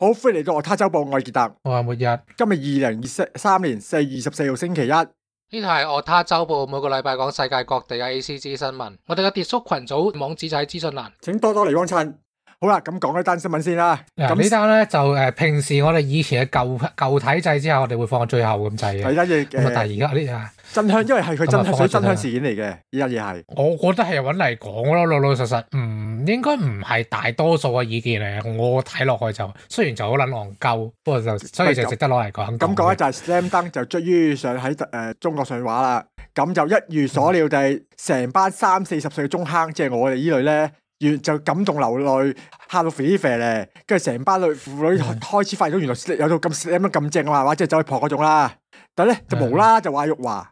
好歡迎嚟到我他周報，我係傑特，我係末日，今日二零二三年四月二十四號星期一，呢度係我他周報，每個禮拜講世界各地嘅 ACG 新聞，我哋嘅 Discord 群組網址就喺資訊欄，請多多嚟幫襯。好啦，咁講呢單新聞先啦，嗱呢單咧就誒平時我哋以前嘅舊舊體制之後，我哋會放喺最後咁滯嘅，咁啊但係而家嗰啲啊。真香，因為係佢真香，所以真香事件嚟嘅依家嘢係。我覺得係揾嚟講咯，老老實實，唔、嗯、應該唔係大多數嘅意見嚟。我睇落去就，雖然就好撚戇鳩，不過就所以就值得攞嚟講。感、嗯嗯、講咧、嗯、就係 Slam Dunk 就追於上喺誒中國上畫啦。咁就一如所料，就係成班三四十歲嘅中坑，即係我哋呢類咧，越就感動流淚，嚇到 fit fit 咧，跟住成班女婦女開始發現到原來有種咁咁正啊，或者走去撲嗰種啦。但係咧就冇啦，就話辱華。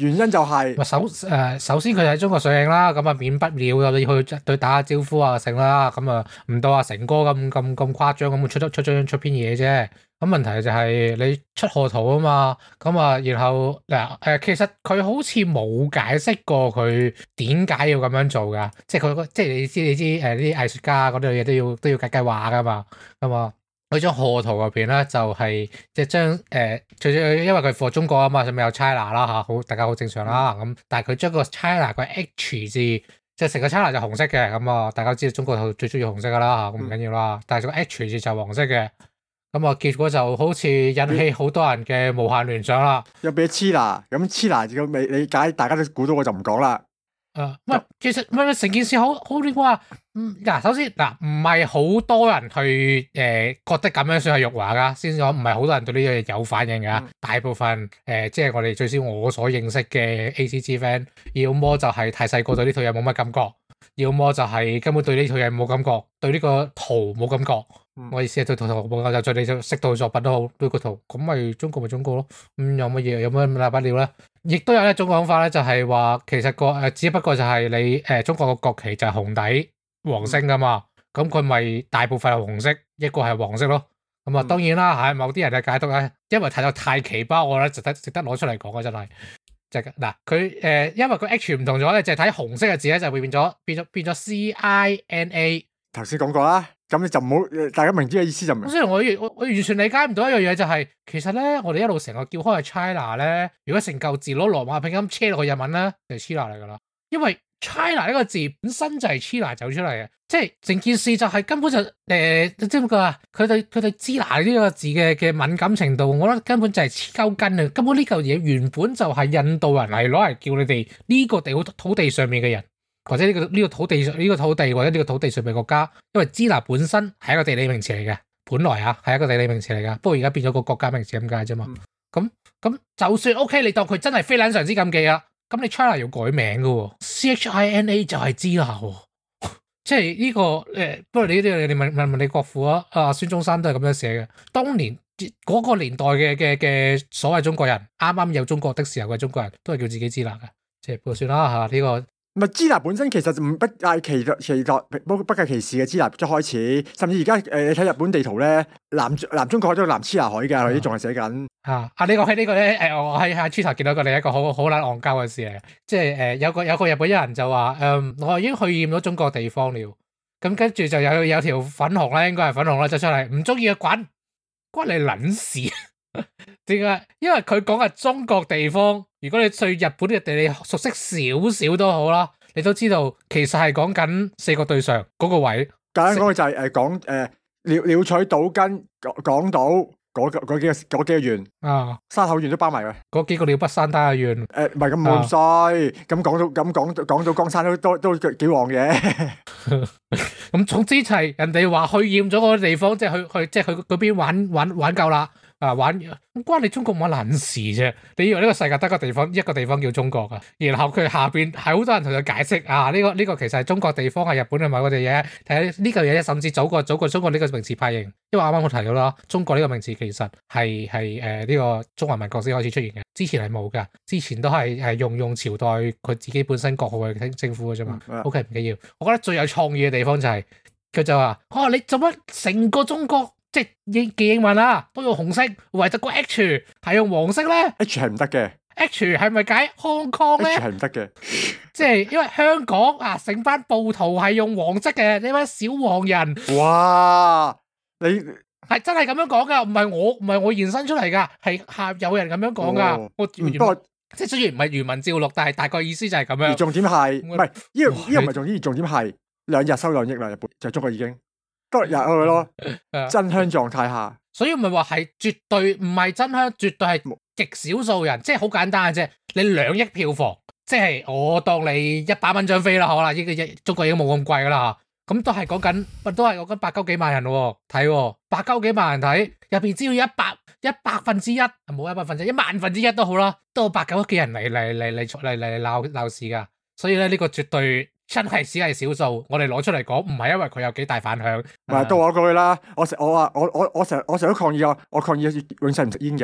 原因就係、是，首誒，首先佢喺中國上映啦，咁啊免不了，了你要去對打下招呼啊，成啦，咁啊唔到阿成哥咁咁咁誇張咁出出出出篇嘢啫，咁問題就係你出賀圖啊嘛，咁啊然後嗱誒，其實佢好似冇解釋過佢點解要咁樣做噶，即係佢即係你知你知誒，啲藝術家嗰啲嘢都要都要計計劃噶嘛，咁啊。佢張賀圖入邊咧，就係即係將誒，除咗因為佢係賀中國啊嘛，上面有 China 啦嚇，好大家好正常啦咁。嗯、但係佢將個 China 個 H 字，即係成個 China 就紅色嘅咁啊，大家知道中國最最中意紅色噶啦嚇咁唔緊要啦。嗯、但係個 H 字就係黃色嘅咁啊，結果就好似引起好多人嘅無限聯想啦。有咩黐啦？咁黐啦咁理理解大家都估到，我就唔講啦。誒，喂、啊，其實喂，成件事好好亂啊，嗯，嗱、啊，首先嗱，唔係好多人去誒、呃、覺得咁樣算係辱華噶，先講，唔係好多人對呢樣嘢有反應噶，嗯、大部分誒，即、呃、係、就是、我哋最少我所認識嘅 A C G fan，要麼就係太細個對呢套嘢冇乜感覺，要麼就係根本對呢套嘢冇感覺，對呢個圖冇感覺。我意思啊，對圖圖唔夠就再你做識圖作品都好，對、這個圖咁咪中國咪中國咯，咁、嗯、有乜嘢有乜嘢大不了咧？亦都有一種講法咧，就係話其實個誒、呃，只不過就係你誒、呃，中國個國旗就係紅底黃星噶嘛，咁佢咪大部分係紅色，一個係黃色咯。咁、嗯、啊，當然啦，係、嗯嗯、某啲人嘅解讀咧，因為睇到太奇葩，我覺得值得值得攞出嚟講嘅真係，即係嗱，佢、嗯、誒、嗯呃，因為佢 H 唔同咗咧，就睇紅色嘅字咧，就會變咗變咗變咗 C I N A。頭先講過啦、啊。咁你就唔好，大家明知嘅意思就明。咁所以，我完我完全理解唔到一樣嘢、就是，就係其實咧，我哋一路成個叫開係 China 咧。如果成舊字攞羅馬拼音車落去日文咧，就係、是、China 嚟噶啦。因為 China 呢個字本身就係 China 走出嚟嘅，即係成件事就係根本就誒，即係點講啊？佢對佢對 China 呢個字嘅嘅敏感程度，我覺得根本就係黐鳩根啊！根本呢舊嘢原本就係印度人嚟攞嚟叫你哋呢個地土地上面嘅人。或者呢個呢個土地上呢、這個土地或者呢個土地上嘅國家，因為支那本身係一個地理名詞嚟嘅，本來啊係一個地理名詞嚟嘅，不過而家變咗個國家名詞咁解啫嘛。咁咁、嗯、就算 OK，你當佢真係非常之禁忌啊，咁你 China 要改名㗎喎 ，China 就係支那喎，即係呢、這個誒，不過你呢啲你問你問問你國父啊，啊孫中山都係咁樣寫嘅，當年嗰、那個年代嘅嘅嘅所謂中國人，啱啱有中國的時候嘅中國人都係叫自己支那嘅，即係不過算啦嚇呢個。咪支那本身其實唔不界歧度歧度，包括不界歧視嘅支那都開始，甚至而家誒你睇日本地圖咧，南南中國都係南支那海㗎，或者仲係寫緊。啊、嗯、啊！你講起呢、呢個咧，誒、欸、我喺 Twitter 見到一個另一個好好撚戇鳩嘅事嚟，即係誒、欸、有個有個日本一人就話誒、嗯，我已經去驗咗中國地方了，咁跟住就有有條粉紅咧，應該係粉紅啦，就出嚟唔中意啊，滾，關你撚事？點 解？因為佢講係中國地方。如果你對日本嘅地理熟悉少少都好啦，你都知道其實係講緊四個對象嗰個位。簡單講嘅就係誒講誒鳥鳥取島跟港島嗰嗰幾個幾個縣啊，山口縣都包埋嘅。嗰幾個鳥北山丹嘅縣誒，唔係咁唔衰。咁講到咁講講到江山都都都幾旺嘅。咁總之係人哋話去厭咗嗰個地方，即係去去即係去嗰邊玩玩玩夠啦。啊玩關你中國冇乜事啫？你以為呢個世界得一個地方，一個地方叫中國噶、啊？然後佢下邊係好多人同佢解釋啊，呢、這個呢、這個其實係中國地方，係日本嚟買個嘢。誒呢嚿嘢甚至早過早過中國呢個名詞派型，因為啱啱我提到啦，中國呢個名詞其實係係誒呢個中華民國先開始出現嘅，之前係冇噶，之前都係係用用朝代佢自己本身國號去稱政政府噶啫嘛。O K 唔緊要，嗯、我覺得最有創意嘅地方就係、是、佢就話，哦、啊、你做乜成個中國？即係英記英文啊，都用紅色；唯獨個 H 係用黃色咧，H 係唔得嘅。H 係咪解 Hong Kong 咧？H 係唔得嘅。即係因為香港啊，成班暴徒係用黃色嘅呢班小黃人。哇！你係真係咁樣講噶？唔係我唔係我延伸出嚟噶，係吓有人咁樣講噶。我不過即係雖然唔係原文照錄，但係大概意思就係咁樣。而重點係唔係呢？呢個唔係重點，而重點係兩日收兩億啦，兩日半就係中國已經。當日去咯，真香狀態下，所以唔係話係絕對唔係真香，絕對係極少數人，即係好簡單嘅啫。你兩億票房，即係我當你一百蚊張飛啦，好啦，依個一中國已經冇咁貴啦吓。咁都係講緊，都係講緊百九幾萬人睇，哦，百九幾萬人睇，入邊只要一百一百分之一，冇一百分之一，一萬分之一都好啦，都有百九幾人嚟嚟嚟嚟嚟嚟鬧鬧事噶。所以咧，呢個絕對。真係只係少數，我哋攞出嚟講，唔係因為佢有幾大反響。唔係到我句啦，我成我啊，我我我成日我成日都抗議我，我抗議永世唔食煙㗎。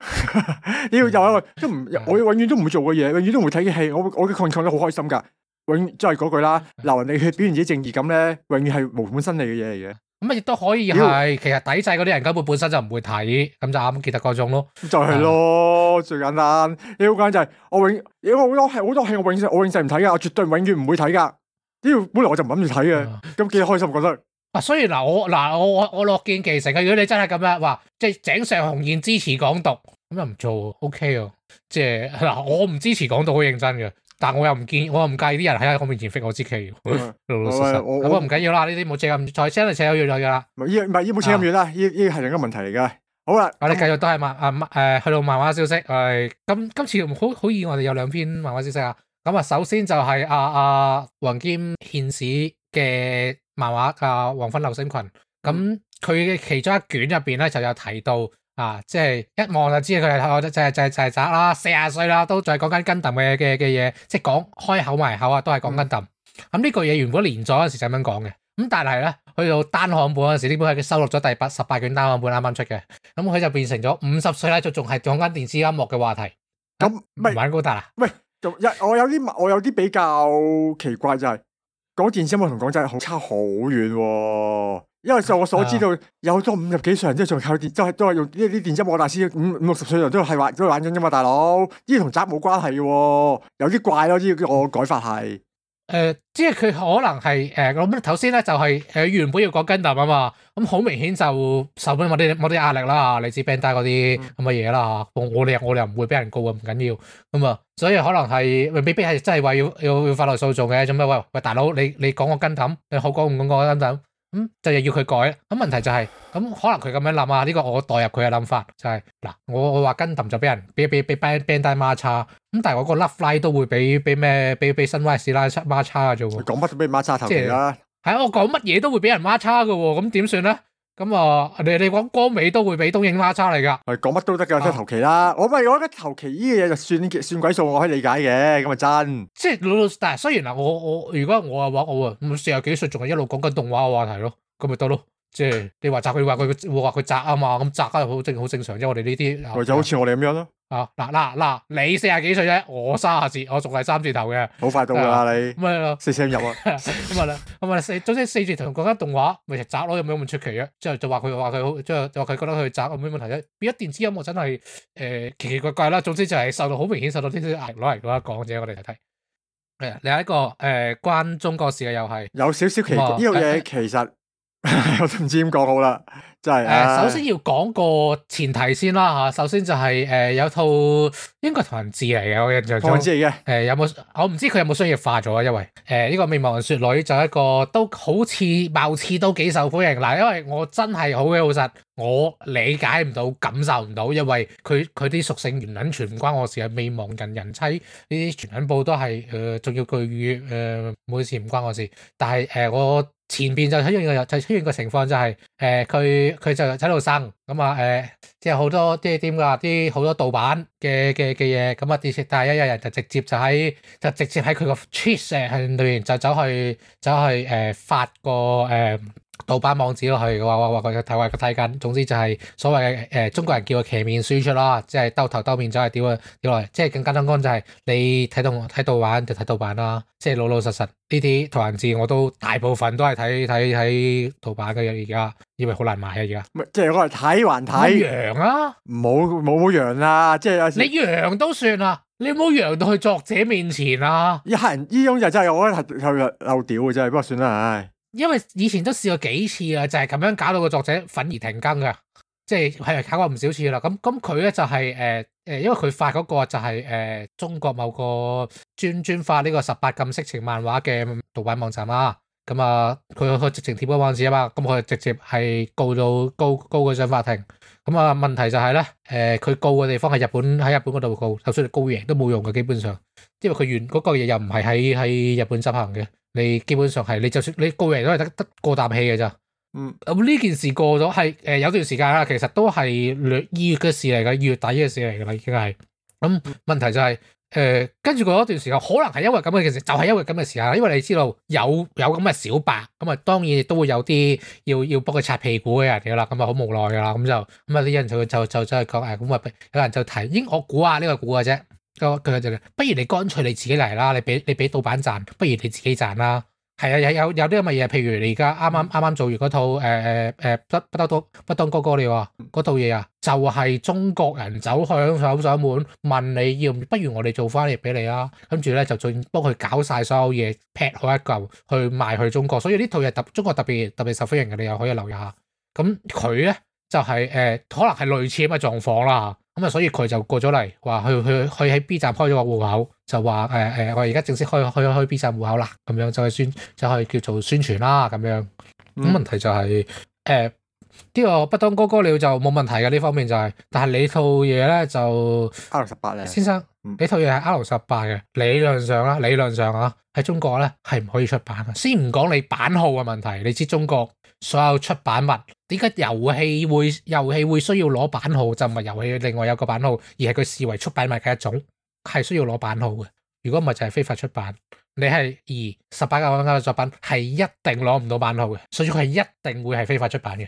呢要又一個都唔，我永遠都唔會做嘅嘢，永遠都唔會睇嘅戲，我我嘅抗議抗得好開心噶。永即係嗰句啦，流人哋血表現自己正義感咧，永遠係無本生利嘅嘢嚟嘅。咁啊，亦都可以係，喵 其實抵制嗰啲人根本本身就唔會睇，咁就啱記得嗰種咯。就係咯，嗯、最簡單。你個關就係我永，因為好多係好多戲我永我永世唔睇噶，我絕對永遠唔會睇噶。呢個本來我就唔諗住睇嘅，咁、啊、幾開心覺得。啊，所以嗱，我嗱我我樂見其成啊。如果你真係咁樣話，即係井上雄彥支持港獨，咁又唔做，OK 啊。即係嗱，我唔支持港獨，好認真嘅。但我又唔建議，我又唔介意啲人喺我面前逼我支 K 嘅，嗯、老老實實。咁啊唔緊要啦，呢啲冇借咁台，真係借好月嚟噶啦。唔係，唔係，冇借咁遠啦，呢個係另一個問題嚟㗎。好啦，啊、我哋繼續都係漫啊漫去到漫畫消息，係今今次好好意外，我哋有兩篇漫畫消息啊。咁啊，首先就係啊啊弘兼憲史嘅漫畫啊《黃、啊、昏、啊、流星群》嗯，咁佢嘅其中一卷入邊咧就有提到。啊！即係一望就知佢哋，我覺得就係就係就係宅啦，四十歲啦，都仲係講緊跟揼嘅嘅嘅嘢，即係講開口埋口啊，都係講跟揼。咁呢個嘢原本連載嗰陣時就咁樣講嘅，咁但係咧去到單行本嗰陣時，呢本係佢收錄咗第八十八卷單行本啱啱出嘅，咁佢就變成咗五十歲啦，就仲係講緊電視音樂嘅話題，咁唔玩高達啊？喂，就一我有啲我有啲比較奇怪就係。講電子音樂同講真好差好遠、啊，因為就我所知道、啊、有咗五十幾歲人即係仲靠電，即係都係用呢啲電子音樂大師，五五六十歲人都係玩都玩緊噶嘛，大佬呢啲同宅冇關係嘅、啊，有啲怪咯、啊，呢個改法係。誒、呃，即係佢可能係誒，咁頭先咧就係誒，原本要講 Gundam 啊嘛，咁、嗯、好明顯就受唔到冇啲冇啲壓力啦吓，嚟自 Bandai 嗰啲咁嘅嘢啦吓，我哋又我哋又唔會俾人告啊，唔緊要咁啊，所以可能係未必係真係話要要，要法律訴訟嘅，做咩喂喂大佬你你講我 Gundam，你，你，am，你好講唔講我 Gundam、嗯，咁就又要佢改，咁問題就係、是、咁、嗯、可能佢咁樣諗啊，呢、這個我代入佢嘅諗法就係、是、嗱，我我話 Gundam 就俾人俾俾俾 Bandai 抹茶。咁但係我個甩 fly 都會俾俾咩俾俾新威士拉叉孖叉嘅啫喎，講乜都俾孖叉頭期啦，係啊，我講乜嘢都會俾人孖叉嘅喎，咁點算咧？咁啊，你你講光尾都會俾東映孖叉嚟噶，係講乜都得嘅即係頭期啦，我咪我覺得頭期呢啲嘢就算算鬼數，我可以理解嘅，咁咪真，即係老老實但係雖然啦，我我如果我嘅話，我啊五四廿幾歲仲係一路講緊動畫嘅話題咯，咁咪得咯。即係你話宅，佢話佢會話佢宅啊嘛，咁宅啊好正，好正常，因為我哋呢啲，或者好似我哋咁樣咯。啊嗱嗱嗱，你四十幾歲啫，我卅字，我仲係三字頭嘅，好快到啦你。咁咪咯，四字入啊。咁啊啦，咁啊啦，總之四字頭國家動畫咪就宅咯，有咩咁出奇啊？之後就話佢話佢好，之後就話佢覺得佢宅，咁有冇問題啫？變咗電子音樂真係誒奇奇怪怪啦。總之就係受到好明顯受到啲壓力攞嚟講一講啫，我哋睇睇。誒，另一個誒關中國事嘅又係。有少少奇怪，呢樣嘢其實。 我都唔知點講好啦，真、就、係、是。誒、呃，首先要講個前提先啦吓，首先就係、是、誒、呃、有套英國同人誌嚟嘅，我印象中。同人誌嚟嘅。誒、呃，有冇？我唔知佢有冇商業化咗啊？因為誒呢、呃這個、個《未亡人雪女》就一個都好似貌似都幾受歡迎。嗱、呃，因為我真係好嘅，老實，我理解唔到，感受唔到，因為佢佢啲屬性、原梗全唔關我事。係《未亡人人妻》呢啲全部都係誒重要佢。語、呃、誒，冇事唔關我事。但係誒、呃、我。前邊就出現個就出現個情況就係、是，誒佢佢就喺度生咁啊，誒即係好多即係點講啊，啲好多盜版嘅嘅嘅嘢，咁啊，但係一有人就直接就喺就直接喺佢個 Twitter 裏面就走去走去誒、呃、發個誒。呃盜版網址落去嘅話，我話佢睇，話佢睇緊。總之就係所謂嘅誒、呃、中國人叫嘅奇面輸出啦，即係兜頭兜面走係屌啊屌來。即係更加簡單就係你睇到我睇到版就睇到版啦。即係老老實實呢啲圖文字我都大部分都係睇睇睇盜版嘅而家。因為好難買啊而家。即係我係睇還睇。揚啊！冇冇冇揚啊！即係有時。你揚都算啊！你冇揚到去作者面前啊！一刻人依就真係我覺得係漏屌嘅真係，不過算啦唉。因為以前都試過幾次啊，就係咁樣搞到個作者憤而停更噶，即係係搞過唔少次啦。咁咁佢咧就係誒誒，因為佢發嗰個就係誒中國某個專專發呢個十八禁色情漫畫嘅盜版網站啊。咁啊，佢去直情貼嗰個網址啊嘛，咁佢就直接係告到高高佢上法庭。咁啊，問題就係咧，誒佢告嘅地方係日本，喺日本嗰度告，就算你告贏都冇用嘅，基本上，因為佢原嗰個嘢又唔係喺喺日本執行嘅。你基本上係你就算你個人都係得得個啖氣嘅咋，嗯。咁呢件事過咗係誒有段時間啦，其實都係二月嘅事嚟嘅，二月底嘅事嚟嘅啦，已經係。咁、嗯、問題就係誒跟住過一段時間，可能係因為咁嘅，其實就係、是、因為咁嘅時間，因為你知道有有咁嘅小白，咁、嗯、啊當然亦都會有啲要要幫佢擦屁股嘅人嘅啦，咁啊好無奈㗎啦，咁、嗯、就咁啊啲人就就就就係講誒，咁啊、哎嗯、有人就提英我估啊，呢個估嘅啫。佢就係、不如你，乾脆你自己嚟啦！你俾你俾盜版賺，不如你自己賺啦。係啊，有有有啲咁嘅嘢，譬如你而家啱啱啱啱做完嗰套誒誒誒不不當哥不當哥哥你，你話嗰套嘢啊，就係、係、中國人走響上上門問你要不，不如我哋做翻嚟俾你啊！跟住咧就再幫佢搞晒所有嘢，劈好一嚿去賣去中國。所以呢套嘢特中國特別特別受歡迎嘅，你又可以留意下。咁佢咧就係、係、誒、呃，可能係類似咁嘅狀況啦。咁啊，所以佢就過咗嚟，話去去去喺 B 站開咗個戶口，就話誒誒，我而家正式開開開 B 站戶口啦，咁樣就去宣就可以叫做宣傳啦，咁樣。咁問題就係、係、誒，呢、嗯欸呢個不當哥哥咧就冇問題嘅呢方面就係、係，但係你套嘢咧就 R 十八咧。先生，嗯、你套嘢係 R 十八嘅理論上啦，理論上啊喺中國咧係唔可以出版嘅，先唔講你版號嘅問題，你知中國。所有出版物點解遊戲會遊戲會需要攞版號就唔係遊戲另外有個版號，而係佢視為出版物嘅一種係需要攞版號嘅。如果唔係就係非法出版。你係而十八禁嘅作品係一定攞唔到版號嘅，所以佢係一定會係非法出版嘅。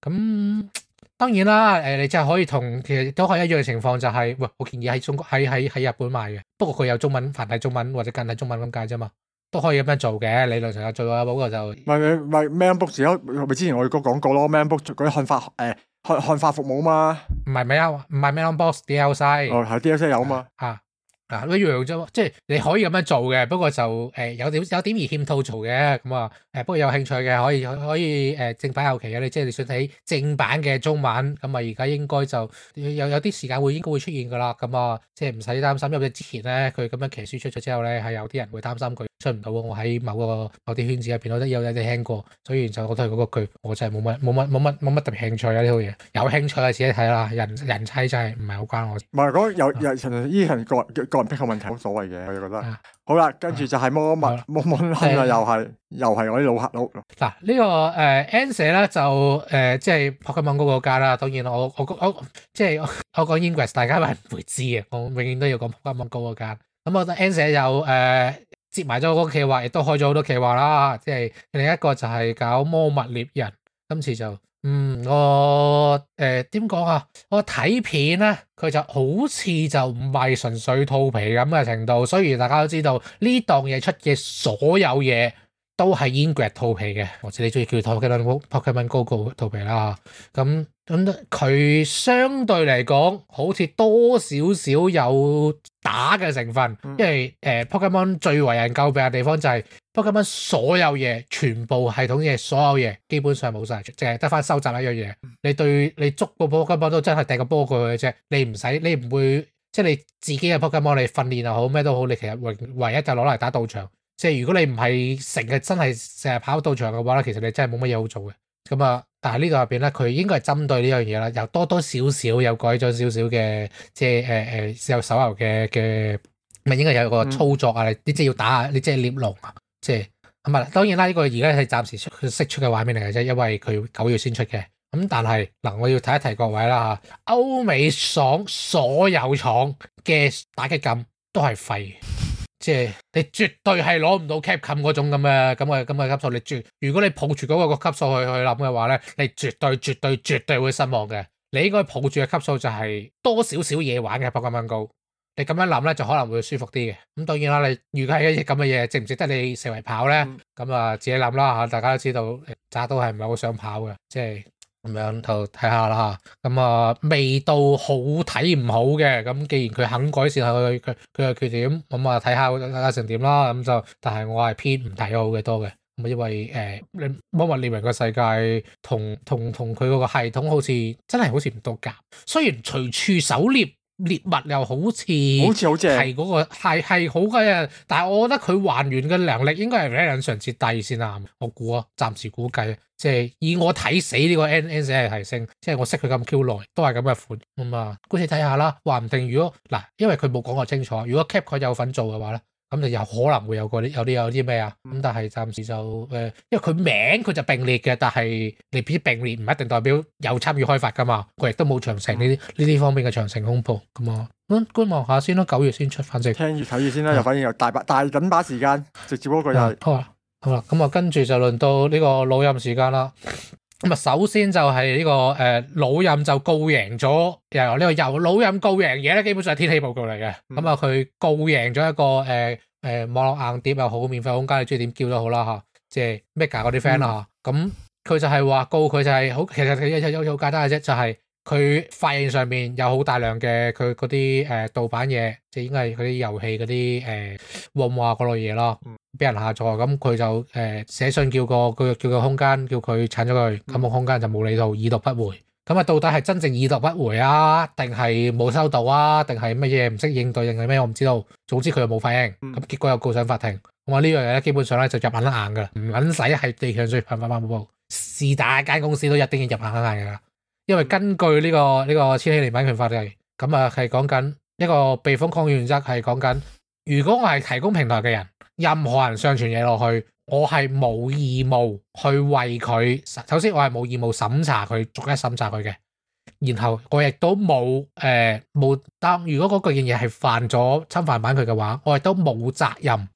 咁、嗯、當然啦，誒、呃，你即係可以同其實都係一樣嘅情況，就是，就係喂，我建議喺中國喺喺喺日本賣嘅，不過佢有中文繁體中文或者簡體中文咁解啫嘛。都可以咁樣做嘅，理論上有做啊，不過就唔係唔係，Manbox 而家咪之前我哋都講過咯，Manbox 嗰啲漢化誒漢漢化服務啊嘛，唔係唔係啊，唔係 Manbox D L C，哦係 D L C 有啊嘛，啊嗱一樣啫，即係你可以咁樣做嘅，不過就誒有有有點而欠吐槽嘅，咁啊誒不過有興趣嘅可以可以誒、呃、正版後期嘅，你即係你想睇正版嘅中文，咁啊而家應該就有有啲時間會應該會出現噶啦，咁啊即係唔使擔心，因為之前咧佢咁樣騎書出咗之後咧係有啲人會擔心佢。出唔到，我喺某個某啲圈子入邊，我覺得有有啲聽過，所以就我對嗰個佢，我真係冇乜冇乜冇乜冇乜特別興趣啊！呢套嘢有興趣啊，自己睇啦。人人妻真係唔係好關我。唔係嗰有有依樣個個人癖好問題，冇所謂嘅。我又覺得、啊、好啦，跟住就係摩密摩摩拉又係又係我啲老黑老。嗱呢、啊這個誒、uh, N 社咧就誒即係 Pokémon Go 嗰間啦。當然我我我即係、就是、我, 我講 English，大家咪唔會知嘅。我永遠都要講 Pokémon Go 嗰間。咁我覺得 N 社有誒。Uh, 接埋咗個企劃，亦都開咗好多企劃啦。即係另一個就係搞《魔物獵人》，今次就嗯我誒點講啊？我睇片咧，佢就好似就唔係純粹套皮咁嘅程度，雖然大家都知道呢檔嘢出嘅所有嘢，都係 ingrid 套皮嘅，或者你中意叫佢《Pokemon Go Go》套皮啦，咁咁佢相對嚟講，好似多少少有打嘅成分。嗯、因為誒 Pokemon 最為人詬病嘅地方就係 Pokemon 所有嘢，全部系統嘅所有嘢基本上冇晒，淨係得翻收集一樣嘢。你對你捉個 Pokemon 都真係掟個波過去嘅啫，你唔使，你唔會即係你自己嘅 Pokemon，你訓練又好，咩都好，你其實唯唯一就攞嚟打道場。即係如果你唔係成日真係成日跑到場嘅話咧，其實你真係冇乜嘢好做嘅。咁啊，但係呢度入邊咧，佢應該係針對呢樣嘢啦，又多多少少有改咗少少嘅，即係誒誒有手遊嘅嘅，咪應該有個操作啊、嗯，你即係要打下，你即係獵龍啊，即係咁啊，當然啦，呢個而家係暫時出佢釋出嘅畫面嚟嘅啫，因為佢九月先出嘅。咁但係嗱，我要提一提各位啦嚇，歐美爽所有廠嘅打擊感都係廢。即係你絕對係攞唔到 Capcom 嗰種咁嘅咁嘅咁嘅級數，你絕如果你抱住嗰個個級數去去諗嘅話咧，你絕對絕對絕對會失望嘅。你應該抱住嘅級數就係多少少嘢玩嘅百幾蚊高，你咁樣諗咧就可能會舒服啲嘅。咁當然啦，你如果係一隻咁嘅嘢值唔值得你四圍跑咧？咁啊、嗯、自己諗啦嚇，大家都知道渣都係唔係好想跑嘅，即係。咁樣就睇下啦，咁、嗯、啊味道好睇唔好嘅，咁、嗯、既然佢肯改善下佢佢佢嘅缺點，咁啊睇下睇下成點啦，咁、嗯、就但係我係偏唔睇好嘅多嘅，咁啊因為誒《魔、呃、物獵人》個世界同同同佢嗰個系統好似真係好似唔多夾，雖然隨處狩獵。獵物又好似、那個，好似好似，係嗰個係係好嘅，但係我覺得佢還原嘅能力應該係非常之低先啊。我估啊，暫時估計，即、就、係、是、以我睇死呢個 NNS 係提升， 即係我識佢咁 Q 耐，都係咁嘅款啊嘛。姑且睇下啦，話唔定如果嗱，因為佢冇講過清楚，如果 Cap 佢有份做嘅話咧。咁就有可能會有個有啲有啲咩啊？咁但係暫時就誒，因為佢名佢就並列嘅，但係未必並列唔一定代表有參與開發㗎嘛，佢亦都冇長城呢啲呢啲方面嘅長城公佈咁啊。咁觀望下先咯，九月先出，反正聽住睇住先啦，又反正又大把大準把時間，直接嗰個又好啦。好啦，咁啊，跟住就輪到呢個老任時間啦。咁啊，首先就係呢、這個誒、呃、老任就告贏咗，又呢個又老任告贏嘢咧，基本上係天氣報告嚟嘅。咁啊、嗯，佢告贏咗一個誒誒、呃呃、網絡硬碟又好，免費空間你中意點叫都好啦嚇，即係 Mega 嗰啲 friend 啦嚇。咁佢、啊嗯嗯、就係話告佢就係、是、好，其實佢一一一個好簡單嘅啫，就係、是。佢發現上面有好大量嘅佢嗰啲誒盜版嘢，就、呃、係應該係嗰啲遊戲嗰啲誒 r o 啊嗰類嘢咯，俾、嗯、人下載，咁佢就誒寫、呃、信叫個叫叫個空間叫佢鏟咗佢，咁、嗰個空間就冇理到，已讀不回。咁啊到底係真正已讀不回啊，定係冇收到啊，定係乜嘢唔識應對定係咩？我唔知道，總之佢又冇反應，咁結果又告上法庭，咁啊呢樣嘢咧，基本上咧就入眼眼噶，唔撚使係最強最強翻翻波，是但間公司都一定要入眼眼噶。因為根據呢個呢個《千禧年版權法》嚟，咁啊係講緊一個避風港原則，係講緊如果我係提供平台嘅人，任何人上傳嘢落去，我係冇義務去為佢。首先，我係冇義務審查佢，逐一審查佢嘅。然後我亦都冇誒冇擔。如果嗰件嘢係犯咗侵犯版權嘅話，我亦都冇責任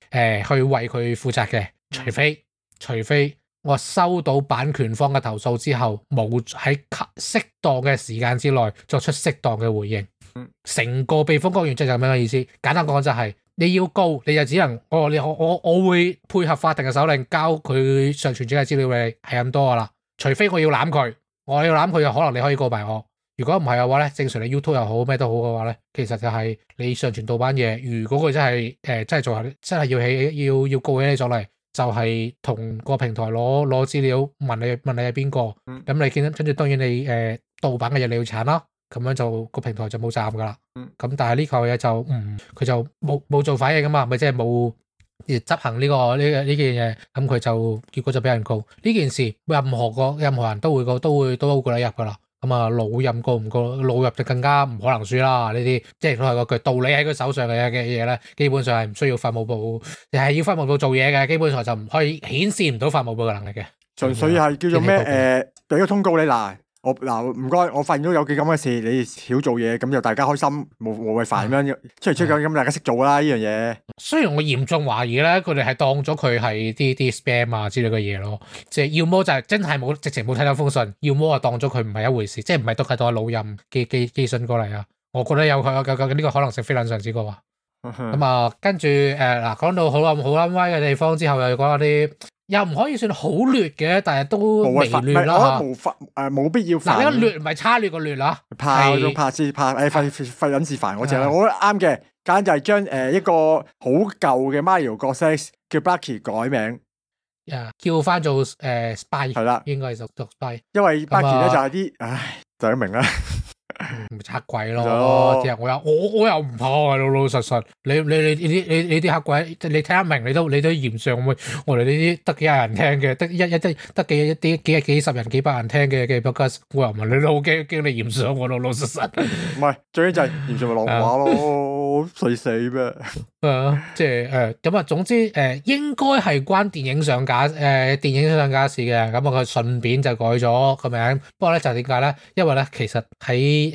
誒去為佢負責嘅。除非除非，我收到版權方嘅投訴之後，冇喺適當嘅時間之內作出適當嘅回應。嗯，成個避風港原則就係咁樣嘅意思。簡單講就係、是、你要告，你就只能我你我我我會配合法庭嘅手令，交佢上傳者嘅資料俾你係咁多啦。除非我要攬佢，我要攬佢，又可能你可以告埋我。如果唔係嘅話咧，正常你 YouTube 又好咩都好嘅話咧，其實就係你上傳盜版嘢，如果佢真係誒、呃、真係做下真係要起要要告起你上嚟。就係同個平台攞攞資料問你問你係邊個，咁、嗯、你見，跟住當然你誒盜、呃、版嘅嘢你要鏟啦，咁樣就個平台就冇責任噶啦，咁但係呢個嘢就唔佢就冇冇做反應噶嘛，咪即係冇執行呢、這個呢呢件嘢，咁、嗯、佢就結果就俾人告呢件事，任何個任何人都會個都會都好過你入噶啦。咁啊、嗯，老任過唔過？老任就更加唔可能輸啦。呢啲即係都係個句道理，喺佢手上嘅嘅嘢咧，基本上係唔需要法務部，係要法務部做嘢嘅。基本上就唔可以顯示唔到法務部嘅能力嘅，純粹係叫做咩？誒、呃，俾個通告你嗱。我嗱，唔該，我發現咗有幾咁嘅事，你少做嘢咁，就大家開心，冇無謂煩咁樣，啊、出嚟出咗咁，大家識做啦呢樣嘢。雖然我嚴重懷疑咧，佢哋係當咗佢係啲啲 spam 啊之類嘅嘢咯，即係要麼就係、是、真係冇，直情冇睇到封信，要麼就當咗佢唔係一回事，即係唔係都係當老任寄寄寄信過嚟啊？我覺得有佢，有究竟呢、呢個可能性，非常之高啊。咁啊，啊，跟住誒嗱，講、啊、到好啊好啱威嘅地方之後，又講下啲。又唔可以算好劣嘅，但係都微劣咯。冇犯，唔係我覺得冇犯，誒冇必要犯。嗱，呢個劣唔係差劣個劣啦。怕仲怕先怕，誒費費飲事煩嗰隻啦。我覺得啱嘅，簡就係將誒一個好舊嘅 Mario 角色叫 Bucky 改名，啊叫翻做誒、呃、Spy。係啦，應該係讀讀 Spy。因為 Bucky 咧就係啲， 那唉，就一明啦。 咪、嗯、黑鬼咯！嗯、我又我我又唔怕，老老實實。你你你啲你你啲黑鬼，你聽得明，你都你都，你都嫌上。我我哋呢啲得幾廿人聽嘅，得一一得得幾一啲幾幾，幾十人幾百人聽嘅嘅，不過我又唔係你都好驚驚你嫌上我，我老老實實。唔係最一仔、就係、嫌上咪落馬咯，嗯、 死死咩？誒、嗯，即係誒，咁、呃、啊，總之誒、呃，應該係關電影上架誒、呃，電影上架事嘅，咁、嗯、啊，佢順便就改咗個名。不過咧就點解咧？因為咧，其實喺誒、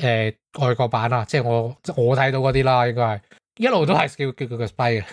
呃、外國版啊，即係我我睇到嗰啲啦，應該係一路都係叫叫佢個 spy 嘅，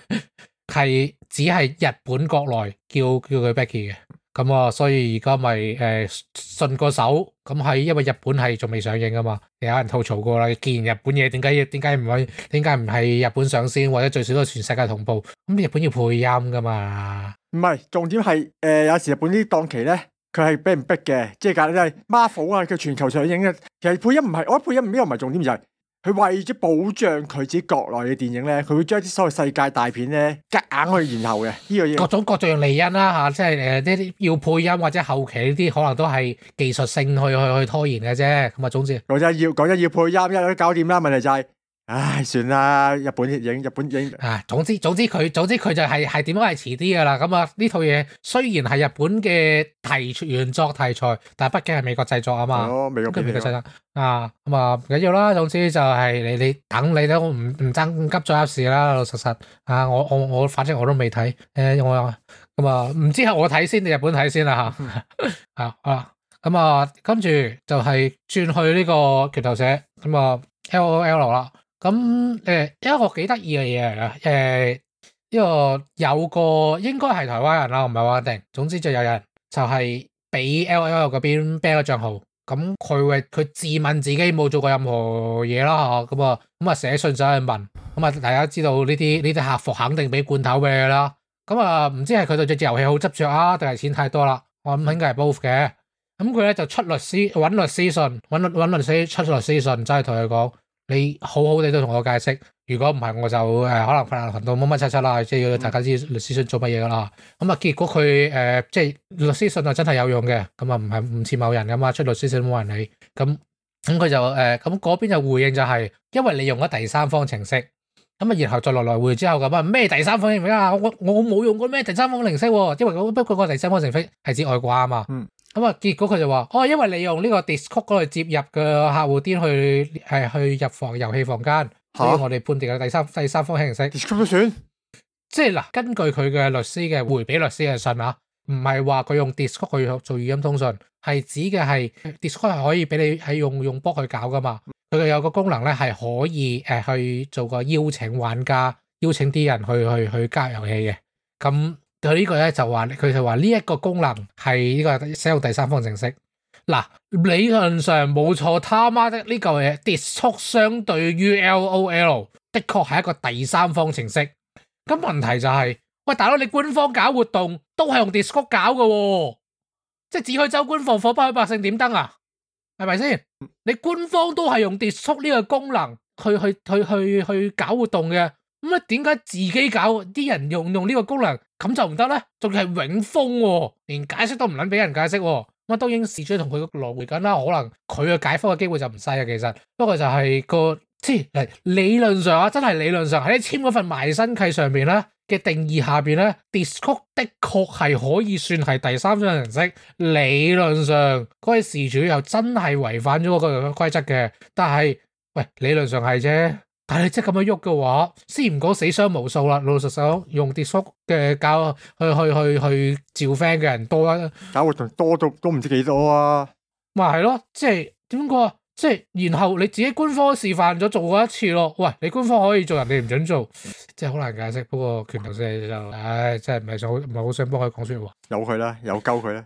係 只係日本國內叫叫佢 becky 嘅。咁啊，所以而家咪誒順個手，咁係因為日本係仲未上映噶嘛，有人吐槽過啦。既然日本嘢，點解點解唔係點解唔係日本上先，或者最少都係全世界同步？咁日本要配音噶嘛？唔係重點係誒、呃，有時日本檔呢檔期咧，佢係俾唔逼嘅，即係隔即係 Marvel 啊，佢全球上映嘅。其實配音唔係，我配音唔啲，唔係重點就係、是。佢為咗保障佢自己國內嘅電影咧，佢會將啲所謂世界大片咧夾硬去延後嘅呢，呢個嘢，各種各樣利因啦、啊、吓，即係誒呢啲要配音或者後期呢啲可能都係技術性去去去拖延嘅啫。咁啊，總之講真要講真要配音，一啲搞掂啦。問題就係，是。唉、哎，算啦，日本影，日本影，啊，總之總之佢總之佢就係係點樣係遲啲噶啦，咁啊呢套嘢雖然係日本嘅題原作題材，但係畢竟係美國製作啊嘛，啊美國，跟住美國製作，啊，咁啊唔緊要啦，總之就係你你等你都唔唔爭急在一時啦，老老實實，啊，我我我反正我都未睇，誒、欸，我咁啊唔知係我睇先定日本睇先啦吓，啊啊，咁啊跟住就係轉去呢個拳頭社咁啊 L O L 啦。咁誒、欸，一個幾得意嘅嘢嚟噶，誒、欸，呢個有個應該係台灣人啦，唔係話定，總之就有人就係俾 LOL 嗰邊 ban 個賬號，咁佢會佢自問自己冇做過任何嘢啦吓，咁啊，咁啊寫信上去問，咁啊，大家知道呢啲呢啲客服肯定俾罐頭俾佢啦，咁啊，唔知係佢對隻隻遊戲好執着啊，定係錢太多啦，我諗應該係 both 嘅，咁佢咧就出律師，搵律師信，搵搵律師出律師信，真係同佢講。你好好地都同我解釋，如果唔係我就誒可能發難頻道乜乜七七啦，即係要大家知律師信做乜嘢㗎喇。咁啊結果佢誒即係律師信啊真係有用嘅，咁啊唔係唔似某人咁啊出律師信都冇人理。咁咁佢就誒咁嗰邊就回應就係因為你用咗第三方程式，咁啊然後再來來回之後咁啊咩第三方程式啊？我我我冇用過咩第三方程式喎，因為我不過個第三方程式係指外掛啊嘛。咁啊，結果佢就話：哦，因為你用呢個 Discord 嗰個接入嘅客戶端去係去入房遊戲房間，所以我哋判定第三第三方形式。Discord 算？即係嗱，根據佢嘅律師嘅回俾律師嘅信嚇，唔係話佢用 Discord 去做語音通訊，係指嘅係 Discord 係可以俾你係用用 bot 去搞噶嘛。佢哋有個功能咧係可以誒去做個邀請玩家、邀請啲人去去去加入遊戲嘅。咁。佢呢個咧就話，佢就話呢一個功能係呢個使用第三方程式。嗱、啊，理論上冇錯，他媽的呢嚿嘢 Discord 相對於 LOL 的確係一個第三方程式。咁、啊、問題就係、是，喂大佬，你官方搞活動都係用 Discord 搞嘅、哦，即係只許州官放火，不許百姓點燈啊？係咪先？你官方都係用 Discord 呢個功能去去去去去搞活動嘅。咁咧，點解自己搞啲人用用呢個功能咁就唔得咧？仲要係永封喎、啊，連解釋都唔捻俾人解釋、啊。乜都英事主同佢來回緊啦，可能佢嘅解封嘅機會就唔細啊。其實不過就係個即係理論上啊，真係理論上喺簽嗰份埋身契上邊咧嘅定義下邊咧，Discord 的確係可以算係第三種形式。理論上嗰、嗰個事主又真係違反咗嗰個規則嘅，但係喂，理論上係啫。但係你即係咁樣喐嘅話，先唔講死傷無數啦，老老實實用跌縮嘅教去去去去召 fan 嘅人多啦，搞活動多到都唔知幾多啊！咪係咯，即係點講啊？即係然後你自己官方示範咗做過一次咯，喂，你官方可以做，人哋唔准做，即係好難解釋。不過拳頭蛇就唉，真係唔係想唔係好想幫佢講說話，由佢啦，由鳩佢啦。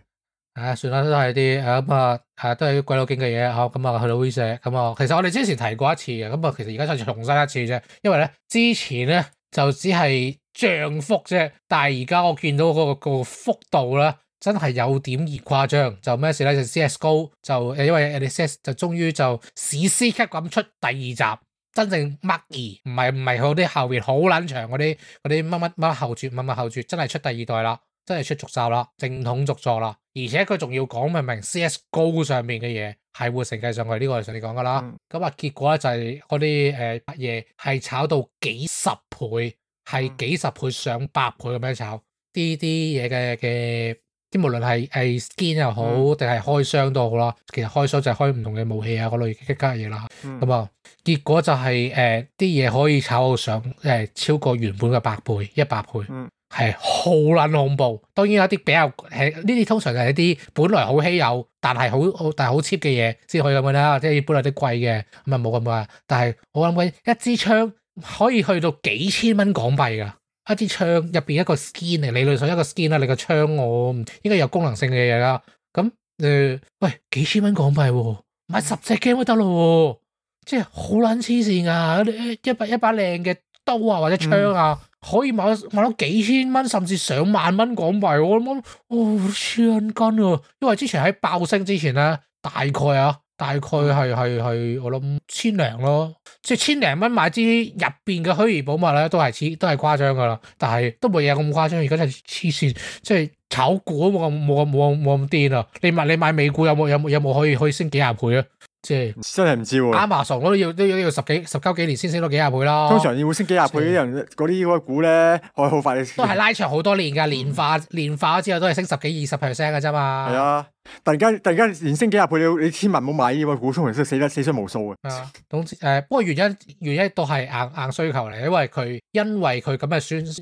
嗯、啊，算啦，都係啲，咁、嗯、啊，誒、嗯，都係啲鬼佬勁嘅嘢嗬，咁啊去到 WeChat，咁啊，其實我哋之前提過一次嘅，咁、嗯、啊，其實而家再重新一次啫，因為咧之前咧就只係漲幅啫，但係而家我見到嗰、嗰個、嗰個幅度咧，真係有點而誇張，就咩事咧？CS GO, 就 CS GO 就誒，因為 CS 就終於就史詩級咁出第二集，真正 mark 二，唔係唔係嗰啲後邊好卵長嗰啲嗰啲乜乜乜後傳乜乜後傳，真係出第二代啦。真係出續集啦，正統續作啦，而且佢仲要講明明 CSGO 上面嘅嘢係會承繼上去，呢、這個就上次講㗎啦。咁啊、嗯嗯，結果咧就係嗰啲誒嘢係炒到幾十倍，係幾十倍上百倍咁樣炒呢啲嘢嘅嘅，啲無論係係 skin 又好，定係開箱都好啦。其實開箱就係開唔同嘅武器啊，嗰類其他嘢啦。咁啊、嗯嗯，結果就係誒啲嘢可以炒到上誒、呃、超過原本嘅百倍，一百倍。嗯係好捻恐怖，當然有啲比較係呢啲，通常係一啲本來好稀有，但係好但係好 cheap 嘅嘢先去咁樣啦，即係本來啲貴嘅咁，啊冇咁樣。但係我諗緊一支槍可以去到幾千蚊港幣噶，一支槍入邊一個 skin 啊，你理論上一個 skin 啦，你個槍我應該有功能性嘅嘢啦。咁誒、呃，喂，幾千蚊港幣買十隻 game 都得咯，即係好捻黐線啊！嗰啲一一把一把靚嘅。刀啊或者槍啊，嗯、可以買到買到幾千蚊甚至上萬蚊港幣，啊，我諗，哇、哦，好黐撚筋啊！因為之前喺爆升之前咧，大概啊，大概係係係，我諗千零咯，即係千零蚊買支入邊嘅虛擬寶物咧，都係黐，都係誇張噶啦。但係都冇嘢咁誇張，而家真係黐線，即係炒股都冇咁冇咁冇咁冇咁癲啊！你買你買美股有冇有冇有冇可以可以升幾廿倍啊？即真係唔知喎，亞馬遜都要都要要十幾十鳩幾年先升到幾廿倍啦。通常要升幾廿倍啲人嗰啲嗰啲股咧，係好快升都係拉長好多年㗎。年化 年化之後都係升十幾二十 percent 㗎啫嘛。突然間突然間連升幾廿倍，你你千萬唔好買呢個股，衝完先死得死傷無數嘅、啊。總之誒、呃，不過原因原因都係硬硬需求嚟，因為佢因為佢咁嘅宣誒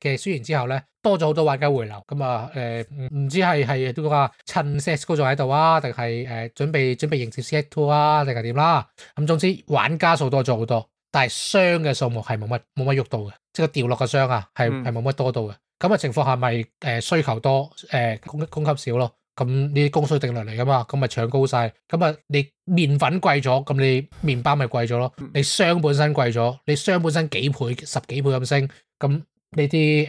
嘅宣言之後咧，多咗好多玩家回流，咁啊誒唔唔知係係點講啊，趁 CSGO 咗喺度啊，定係誒準備準備迎接 CS2 啊，定係點啦？咁總之玩家數多咗好多，但係傷嘅數目係冇乜冇乜喐到嘅，即係個掉落嘅傷啊，係係冇乜多到嘅。咁嘅情況下咪誒需求多，誒、呃、供供給少咯。咁呢啲供需定律嚟㗎嘛，咁咪搶高晒，咁啊你麵粉貴咗，咁你麵包咪貴咗咯，你箱本身貴咗，你箱本身幾倍、十幾倍咁升，咁呢啲誒，咁、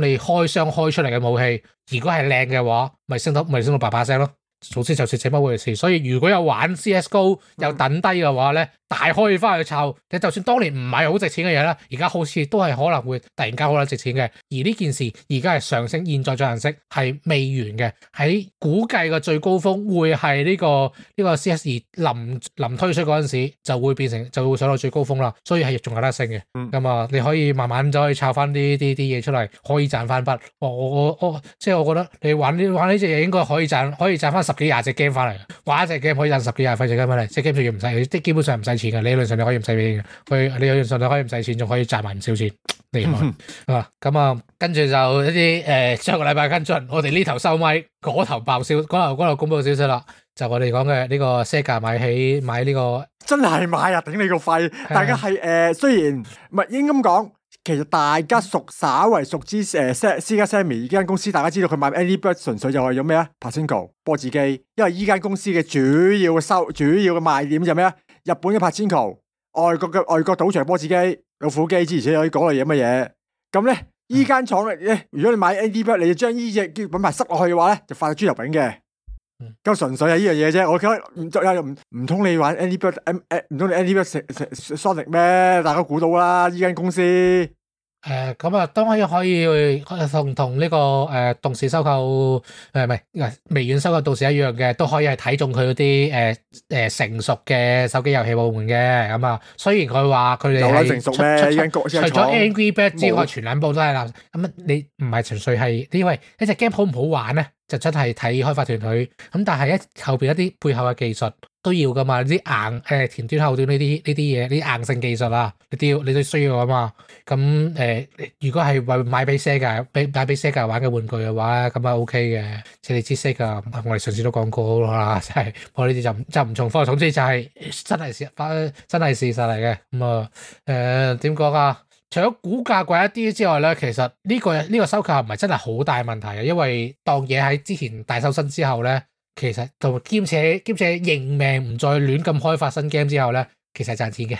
呃、你開箱開出嚟嘅武器，如果係靚嘅話，咪升到咪升到爸爸聲。咯。總之就是係乜回事，所以如果有玩 CSGO 又等低嘅話咧，大可以翻去炒。你就算當年唔係好值錢嘅嘢啦，而家好似都係可能會突然間好啦值錢嘅。而呢件事而家係上升，現在進行式係未完嘅。喺估計嘅最高峰會係呢、這個呢、這個 CS 二臨臨推出嗰陣時就會變成就會上到最高峰啦。所以係仲有得升嘅。咁啊、嗯，你可以慢慢走去炒翻呢啲啲嘢出嚟，可以賺翻筆。我我我即係我覺得你玩呢玩呢隻嘢應該可以賺可以賺翻十十幾廿隻 game 翻嚟，玩一隻 game 可以印十幾廿塊錢咁樣咧，隻 game 就要唔使，即基本上唔使錢嘅。理論上你可以唔使錢嘅，佢你理論上你可以唔使錢，仲可以賺埋唔少錢，厲害啊！咁、嗯、哼啊，跟住就一啲誒，上、呃、個禮拜跟進，我哋呢頭收咪嗰頭爆笑，嗰頭公布消息啦，就我哋講嘅呢個 set 買起買呢、這個，真係買啊！頂你個肺！是啊、大家係誒、呃，雖然唔係應該咁講。其實大家熟，稍為熟知誒、呃、Sega Sammy 呢間公司，大家知道佢買 Angry Bird，純粹就係用咩啊 Pachinko 波子機，因為呢間公司嘅主要收、主要嘅賣點就咩啊？日本嘅 Pachinko 外國嘅外國賭場波子機、老虎機之，之而且有啲嗰嚟嘢乜嘢。咁咧呢、嗯、間廠咧，如果你買 Angry Bird，你就將呢隻叫品牌塞落去嘅話咧，就發到豬頭炳嘅。咁純粹係呢樣嘢啫，我覺得唔做又唔通你玩 Andy Bird，唔唔通你 Andy Bird 食食 Sony 咩？大家估到啦，呢間公司。誒，咁啊，當然可以可以去同同呢個誒，動視收購誒，唔係誒，微軟收購動視一樣嘅，都可以係睇中佢嗰啲誒誒成熟嘅手機遊戲部門嘅，咁啊，雖然佢話佢哋係除咗 Angry Birds 之外，全兩部都係啦，咁啊，你唔係純粹係，你以為一隻 game 好唔好玩咧，就真係睇開發團隊，咁但係一後邊一啲背後嘅技術。都要噶嘛？啲硬誒前端後端呢啲呢啲嘢，呢啲硬性技術啊，你都要你都需要啊嘛？咁、嗯、誒、呃，如果係為買俾 Sega 俾買俾 Sega 玩嘅玩具嘅話，咁啊 OK 嘅，即係知識啊，我哋上次都講過啦，即我哋就就唔重複，總之就係、是、真係事實，真係事實嚟嘅。咁啊誒點講啊？除咗股價貴一啲之外咧，其實呢、呢個呢、呢個收購係唔係真係好大問題啊？因為當嘢喺之前大修身之後咧。其實同兼且兼且認命唔再亂咁開發新 game 之後咧，其實係賺錢嘅，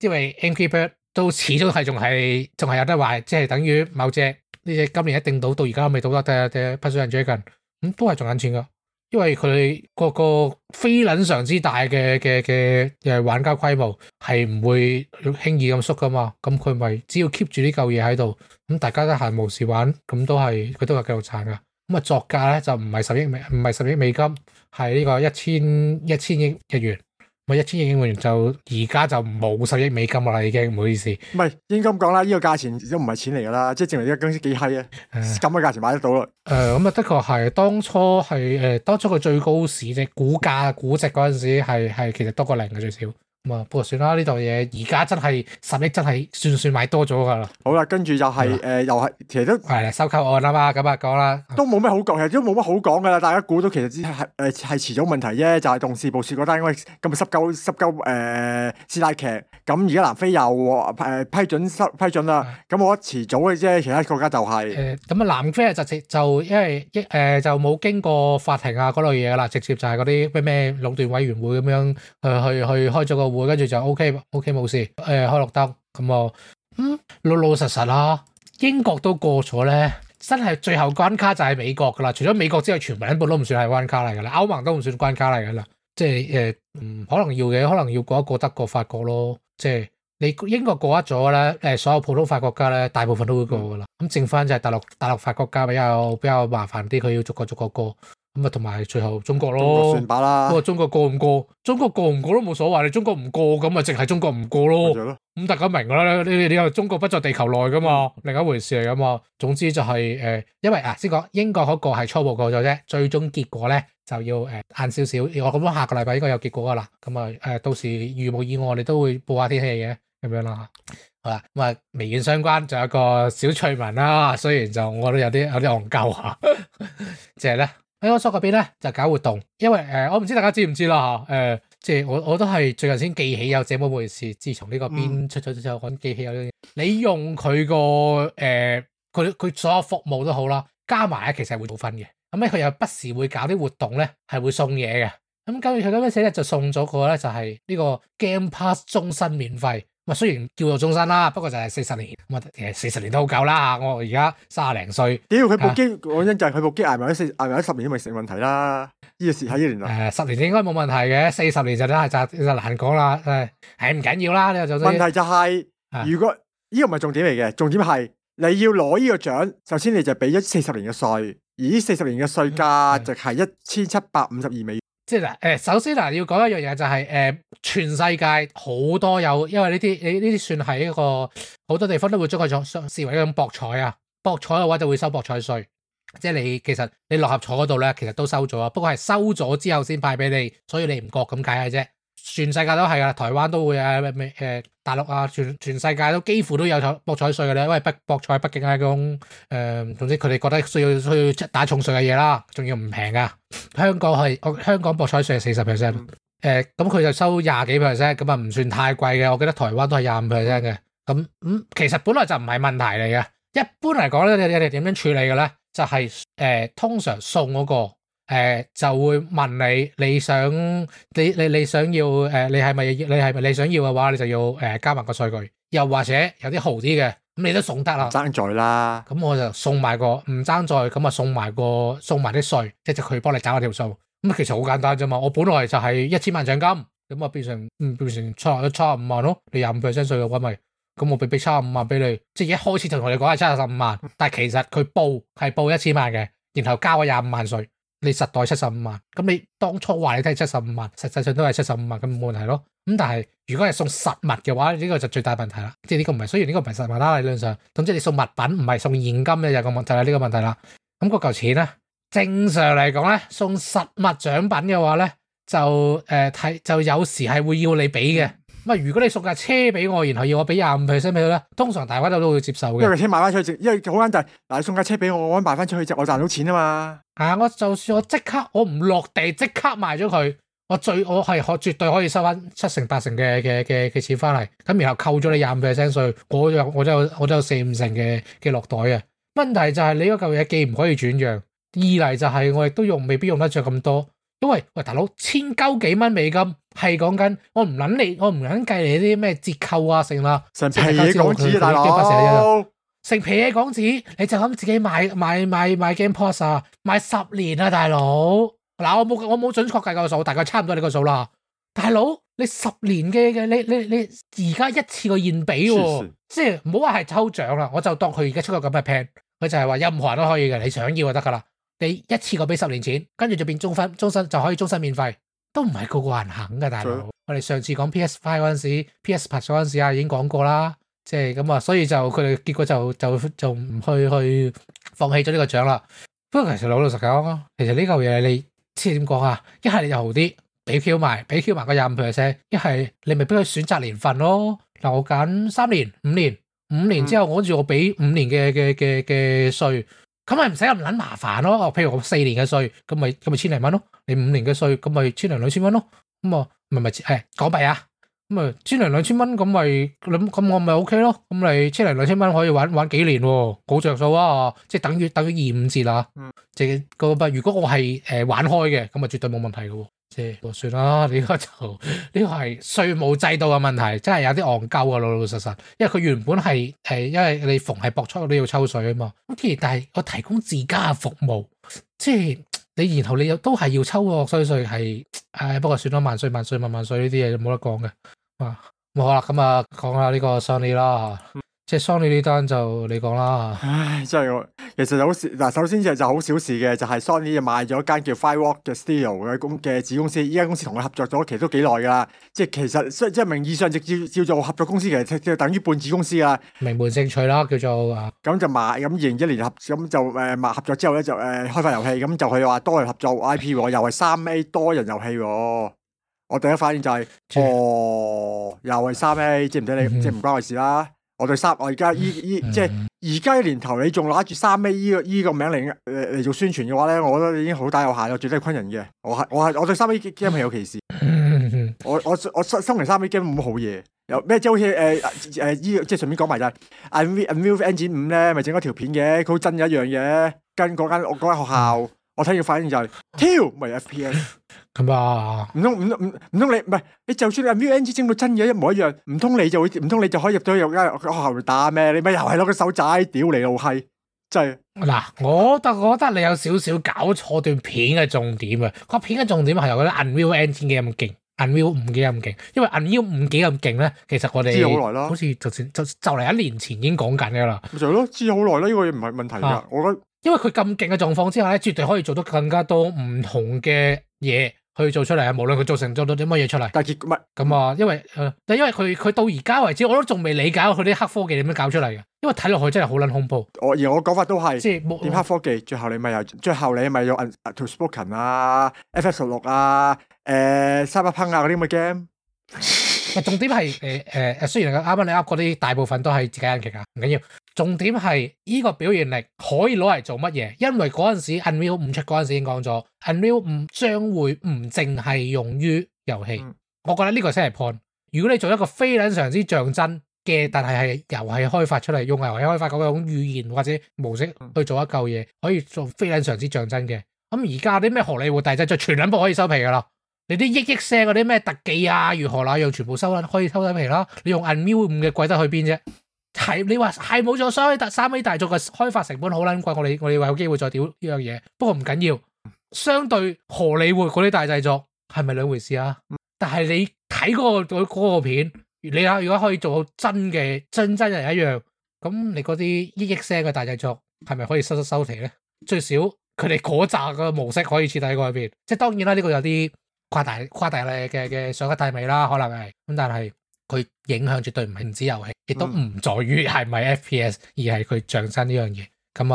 因為 Mk 版都始終係仲係仲係有得玩，即係等於某隻呢隻今年一定到到而家都未到得嘅隻 Puzzle and Dragon 最近咁都係仲賺錢噶因為佢個個非尋常之大嘅嘅嘅又係玩家規模係唔會輕易咁縮噶嘛，咁佢咪只要 keep 住啲舊嘢喺度，咁大家得閒無事玩，咁都係佢都係繼續賺噶。咁啊作價咧就唔係十億美唔係十億美金，係呢個一千一千億日元，咪一千億美元就而家就冇十億美金啦已經，唔好意思。唔係應該咁講啦，呢、這個價錢都唔係錢嚟㗎啦，即係證明呢個公司幾閪啊，咁嘅價錢買得到咯。誒咁啊，的確係當初係誒、呃、當初佢最高市值股價估值嗰陣時係係其實多過零嘅最少。咁啊，不過算啦，呢套嘢而家真係十億真係算算買多咗㗎啦。好啦，跟住又係誒，又係其實都係收購案啊嘛，咁啊講啦，都冇乜好講，其實都冇乜好講㗎啦。大家估到其實只係誒係遲早問題啫，就係董事部署嗰單，但係因為咁咪濕鳩濕鳩誒師奶劇，咁而家南非又誒批准濕批准啦，咁我覺得遲早嘅啫，其他國家就係誒咁啊，南非就直就因為一誒就冇經過法庭啊嗰類嘢㗎啦，直接就係嗰啲咩咩壟斷委員會咁樣去去去開咗個。跟住就 O K O K 冇事，誒開綠燈咁啊，嗯老 老實實啦。英國都過咗咧，真係最後關卡就係美國噶啦。除咗美國之外，全部一部都唔算係關卡嚟噶啦。歐盟都唔算關卡嚟噶啦，即係誒、呃，嗯可能要嘅，可能要過一個德國、德國法國咯。即係你英國過得咗咧，誒所有普通法國家咧，大部分都會過噶啦。咁、嗯、剩返就係大陸大陸法國家比較比較麻煩啲，佢要逐個逐個過。咁啊，同埋最後中國咯，算把啦。咁啊，中國過唔過？中國過唔過都冇所謂。你中國唔過咁啊，淨係中國唔過咯。咁大家明噶啦。你你又中國不在地球內噶嘛？另一回事嚟噶嘛？總之就係誒，因為啊先講英國嗰個係初步過咗啫，最終結果咧就要誒晏少少。我咁樣下個禮拜應該有結果噶啦。咁啊誒，到時如無意外，我哋都會報下天氣嘅咁樣啦。好啦，咁啊微軟相關仲有一個小趣聞啦。雖然就我覺得有啲有啲戇鳩嚇，即係咧。喺我所嗰邊咧就搞活動，因為誒、呃、我唔知大家知唔知啦吓，誒即係我我都係最近先記起有這麼回事。自從呢個邊出咗之後，我記起有呢樣嘢。你用佢個誒佢佢所有服務都好啦，加埋咧其實係會補分嘅。咁咧佢又不時會搞啲活動咧係會送嘢。嘅咁跟住佢今日寫咧就送咗個咧就係、是、呢個 Game Pass 終身免費。雖然叫做終身啦，不過就係四十年，咁呀其實四十年都好夠啦吓。我而家卅零歲，屌佢部機，講真就係佢部機挨埋啲四，挨埋啲十年都未成問題啦。呢個時喺呢年啦，誒，十年就應該冇問題嘅，四十年就真係就就難講啦。係，係，唔緊要啦。呢個就問題就係，如果呢個唔係重點嚟嘅，重點係你要攞呢個獎，首先你就俾咗四十年嘅稅，而呢四十年嘅稅價就係一千七百五十二美元。即係嗱，誒，首先嗱，要講一樣嘢就係，誒，全世界好多有，因為呢啲，你呢啲算係一個，好多地方都會將佢做，消，視為一種博彩啊，博彩嘅話就會收博彩稅，即係你其實你六合彩嗰度咧，其實都收咗啊，不過係收咗之後先派俾你，所以你唔覺咁解嘅啫。全世界都係噶啦，台灣都會啊，咩、呃、大陸啊，全全世界都幾乎都有博彩稅噶啦，因為博博彩畢竟係嗰種誒，呃、總之，佢哋覺得需要需要打重稅嘅嘢啦，仲要唔平噶。香港係香港博彩稅係四十 percent，誒咁佢就收廿幾 percent，咁啊唔算太貴嘅。我記得台灣都係廿五 percent 嘅，咁咁、嗯、其實本來就唔係問題嚟嘅。一般嚟講咧，你哋點樣處理嘅咧？就係、是、誒、呃、通常送嗰、那個。誒、呃，就會問你，你想你你你想要誒、呃，你係咪你係咪你想要嘅話，你就要誒、呃、加埋個稅據，又或者有啲豪啲嘅咁，你都送得啦。唔爭在啦，咁、嗯、我就送埋個唔爭在，咁啊送埋個送埋啲稅，即係佢幫你減咗條數。咁其實好簡單咋嘛，我本來就係一千萬獎金，咁啊變成嗯變，變成七七十五萬咯，你廿五 percent 稅嘅話咪，咁我俾俾七十五萬俾你，即係一開始就同你講係七十五萬，但係其實佢報係報一千萬嘅，然後交咗廿五萬稅。你實袋七十五萬，咁你當初話你睇七十五萬，實際上都係七十五萬，咁冇問題咯。咁但係如果係送實物嘅話，呢、呢個就最大問題啦。即係呢個唔係，雖然呢個唔係實物啦，理論上總之你送物品唔係送現金咧，就有個問題就係呢個問題啦。咁嗰嚿錢咧，正常嚟講咧，送實物獎品嘅話咧，就誒睇、呃、就有時係會要你俾嘅。咁啊，如果你送架車俾我，然後要我俾廿五 percent 俾佢咧，通常大家都都會接受嘅。因為車賣翻出去，因為好簡單。嗱、就是，你送架車俾我，我賣翻出去，我就我賺到錢啊嘛。啊，我就算我即刻我唔落地，即刻賣咗佢，我最我係可絕對可以收翻七成八成嘅嘅嘅嘅錢翻嚟，咁然後扣咗你廿五 percent 稅，我又我都有我都有四五成嘅嘅落袋啊。問題就係你嗰嚿嘢既唔可以轉讓，二嚟就係我亦都用未必用得着咁多。因為，喂，大佬千九幾蚊美金係講緊，我唔捻你，我唔捻計你啲咩折扣啊，剩啦，成皮嘢港紙大佬，成皮嘢港紙，你就咁自己買買買買 Game Pass 啊，買十年啊大佬。嗱，我冇我冇準確計個數，大概差唔多呢個數啦大佬，你十年嘅嘅你你你而家一次個現俾喎、啊、即係唔好話係抽獎啦，我就當佢而家出個咁嘅 plan，佢就係話任何人都可以嘅，你想要就得噶啦。你一次過俾十年錢，跟住就變終身，終身就可以終身免費，都唔係個個人肯噶，大佬。我哋上次講 PS5 嗰陣時，PS 拍咗嗰陣時啊，已經講過啦，即係咁啊，所以就佢哋結果就就就唔去去放棄咗呢個獎啦。不過其實老老實講，其實呢嚿嘢你知點講啊？一係你就好啲，俾 Q 埋，俾 Q 埋個廿五 percent；一係你咪俾佢選擇年份咯。嗱，我揀三年、五年，五年之後我諗住我俾五年嘅嘅嘅嘅稅。咁咪唔使咁唔捻麻煩咯哦，譬如我四年嘅稅，咁咪咁咪千零蚊咯。你五年嘅稅，咁咪千零兩千蚊咯。咁啊，咪咪誒港幣啊，咁啊千零兩千蚊，咁咪諗咁我咪 OK 咯。咁你千零兩千蚊可以玩玩幾年喎，哦，好着數啊，即係等於等於二五折啊。嗯。即係個幣，如果我係誒、呃、玩開嘅，咁啊絕對冇問題嘅，哦。即算啦，呢、這個就呢個係稅務制度嘅問題，真係有啲戇鳩啊，老老實實。因為佢原本係誒，因為你逢係博彩都要抽稅啊嘛。咁其但係我提供自家服務，即係你，然後你又都係要抽個稅稅係誒，不過算啦，萬稅萬稅萬萬稅呢啲嘢冇得講嘅。啊、嗯，好啦，咁啊講下呢個商利啦。即係 Sony 呢單就你講啦。唉，真係我，其實好嗱。首先就好小事嘅，就係、是、Sony 就買咗間叫 Firewalk 嘅 Studio 嘅公嘅子公司。依間公司同佢合作咗，其實都幾耐噶啦。即係其實即係名義上直接叫做合作公司，其實就等於半子公司啦。名門正娶啦，叫做咁就買，咁二零一年合，咁就誒買、呃、合作之後咧就誒開發遊戲，咁就佢話多人合作 I P，又係三 A 多人遊戲。我第一反應就係、是、哦，又係三 A，、呃、知唔知你？即係唔關我事啦。嗯我對三，我而家依依即係而家呢年頭，你仲攞住三 A 依個依個名嚟嚟做宣傳嘅話咧，我覺得已經好大有限，又絕對係昆人嘅。我係我係我對三 A game 係有歧視，我我我身身為三 A game 冇乜好嘢，有咩即係好似誒誒依即係順便講埋就係 I M V and Move Engine 五咧，咪整咗條片嘅，佢好真有一樣嘢，跟嗰間嗰間學校，我睇嘅反應就係跳，唔係 F P S。係嘛？唔通唔唔唔通你唔係你就算你 Unreal Engine 整到真嘢一模一樣，唔通你就好？唔通你就可以入到入間學校度打咩？你咪又係攞個手仔屌你老閪！真係嗱，我都我覺得你有少少搞錯段片嘅重點啊！個片嘅重點係由嗰啲 Unreal Engine 咁勁，Unreal 五幾咁勁，因為 Unreal 五幾咁勁咧，其實我哋知好耐啦，好似就算就就嚟一年前已經講緊嘅啦。咪就係咯，知好耐啦，呢、呢個嘢唔係問題㗎，啊、我覺得。因為佢咁勁嘅狀況之下咧，絕對可以做到更加多唔同嘅嘢。去做出嚟啊！無論佢做成做到啲乜嘢出嚟，但係結唔咁啊？因為但、呃、因為佢佢到而家為止，我都仲未理解佢啲黑科技點樣搞出嚟嘅。因為睇落去真係好撚恐怖。我而我講法都係，即係點黑科技？最後你咪有，最後你咪有、uh, Forspoken 啊，FS 六啊，誒、啊，三八八六呢部 game。啊、重點係誒誒誒，雖然啱啱你噏嗰啲大部分都係自己人劇啊，唔緊要。重點係依個表現力可以攞嚟做乜嘢？因為嗰陣時 Unreal 五出嗰陣時已經講咗，Unreal 五將會唔淨係用於遊戲。嗯、我覺得呢個先係 point。如果你做一個非卵常之像真嘅，但係係遊戲開發出嚟，用遊戲開發嗰種語言或者模式去做一嚿嘢，可以做非卵常之像真嘅，咁而家啲咩荷里活大製作全卵部可以收皮噶啦。你啲億億聲嗰啲咩特技啊，如何那樣全部收啦，可以收曬皮啦。你用 Unreal 五嘅貴得去邊啫？係你話係冇咗所謂 3A 大作嘅開發成本好撚貴，我哋我哋話有機會再屌呢樣嘢。不過唔緊要，相對荷里活嗰啲大製作係咪兩回事啊？但係你睇嗰個片，你睇如果可以做到真嘅真真人一樣，咁你嗰啲億億聲嘅大製作係咪可以收收收起咧？最少佢哋嗰扎嘅模式可以徹底喺改變。即係當然啦，呢個有啲誇大誇大你嘅嘅賞金大美啦，可能係咁，但係。佢影響絕對唔係電子遊戲，亦都唔在於係唔係 FPS，而係佢像真呢樣嘢。咁、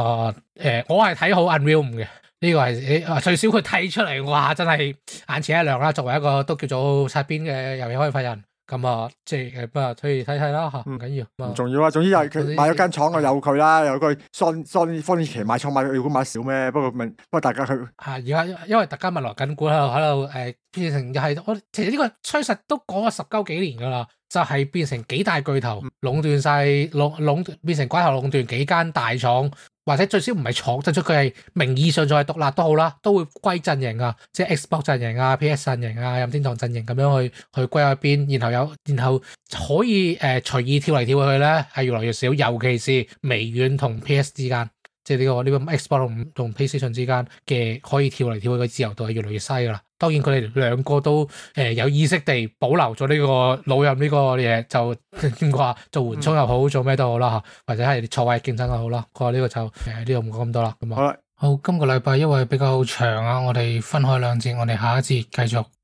呃、我係睇好 Unreal 嘅呢、這個係，誒，最少佢睇出嚟，哇！真係眼前一亮啦。作為一個都叫做擦邊嘅遊戲開發人。咁啊，即係誒，不如睇睇啦嚇。唔緊要，唔重要啊。總之又佢買咗間廠，就、嗯、有佢啦。有佢方方方連奇買廠，買如果買少咩？不過問，不過大家去，嚇而家因為大家物來緊股喺度，喺度誒變成又係我其實呢個趨勢都講咗十鳩幾年噶啦，就係、是、變成幾大巨頭壟斷曬，壟壟變成寡頭壟斷幾間大廠。或者最少唔係廠，就算佢係名義上再獨立都好啦，都會歸陣營啊，即係 Xbox 陣營啊、PS 陣營啊、任天堂陣營咁樣去去歸入邊，然後有然後可以誒、呃、隨意跳嚟跳去咧，係越來越少，尤其是微軟同 PS 之間。即係呢個呢個 Xbox 同同 PlayStation 之間嘅可以跳嚟跳去嘅自由度係越來越細噶啦。當然佢哋兩個都誒有意識地保留咗呢個老任呢個嘢，就點講啊？ 做緩衝又好，做咩都好啦吓，或者係錯位競爭又好啦。佢話呢個就誒呢、呃呢個唔講咁多啦。咁啊，好，的好，今個禮拜因為比較長啊，我哋分開兩節，我哋下一節繼續。